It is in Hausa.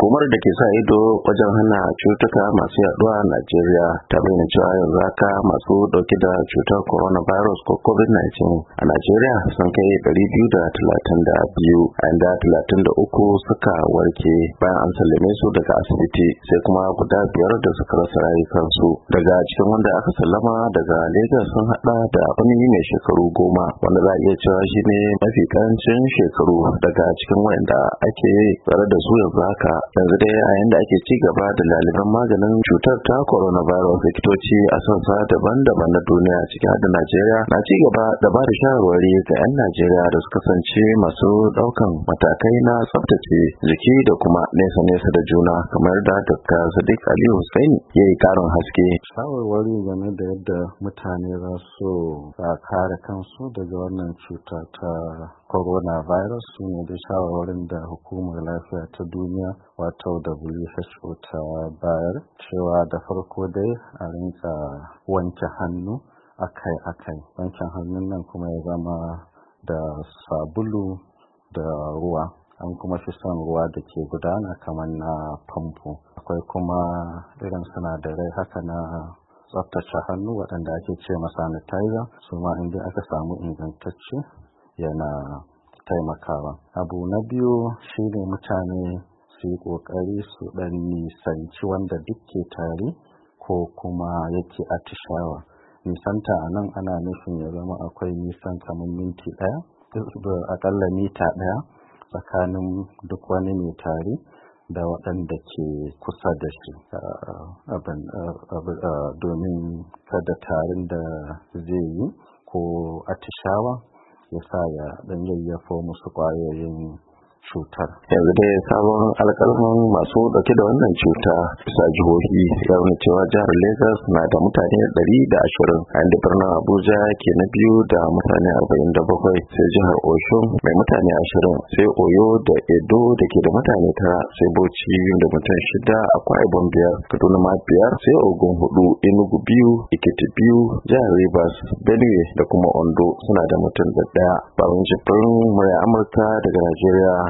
hukumar da ke sa ido wajen hana cutuka masu yaduwa a najeriya ta bayyana cewa yanzu haka masu dauke da cutar coronavirus ko covid-19 a najeriya sun kai 232 a inda 33 suka warke bayan an sallame su daga asibiti sai kuma guda biyar da suka rasa su. daga cikin wanda aka sallama daga lagos sun hada da wani mai shekaru goma wanda za a iya cewa shine mafi karancin shekaru daga cikin wanda ake tsare da su yanzu haka yanzu dai a yanda ake ci gaba da laliban maganin cutar ta coronavirus likitoci a sassa daban-daban na duniya ciki da najeriya na ci gaba da ba da shawarwari ga 'yan najeriya da su kasance masu daukan matakai na tsaftace jiki da kuma nesa-nesa da juna kamar da dr sadiq ali hussein ya yi karin haske shawarwari game da yadda mutane za su kare kansu daga wannan cuta ta coronavirus su ne da shawarwarin da hukumar lafiya ta duniya wato who ta bayar cewa da farko dai a rinka wanke hannu akai-akai wanke hannun nan kuma ya zama da sabulu da ruwa an kuma fi son ruwa da ke gudana kamar na famfo akwai kuma irin sinadarai haka na tsaftace hannu waɗanda ake ce sanitizer su ma inda aka samu ingantacce yana taimakawa abu na biyu shine mutane su yi ƙoƙari su dan nisanci wanda duk ke tari ko kuma yake atishawa nisanta a nan ana nufin ya zama akwai nisan kamar minti ɗaya akalla mita ɗaya tsakanin duk wani mai tari da waɗanda ke kusa da shi domin kada tarin da zai yi ko atishawa ya sa ya dan yayyafo musu ƙwayoyin cutar yanzu dai sabon alkalmin masu dauke da wannan cuta bisa jihohi ya nuna cewa jihar lagos na da mutane ɗari da ashirin a inda birnin abuja ke na biyu da mutane arba'in da bakwai sai jihar oshun mai mutane ashirin sai oyo da edo da ke da mutane tara sai bauchi da mutum shida a ibom biyar kaduna ma biyar sai ogun hudu enugu biyu ikiti biyu jihar rivers benue da kuma ondo suna da mutum da ɗaya babban jifirin murya amurka daga najeriya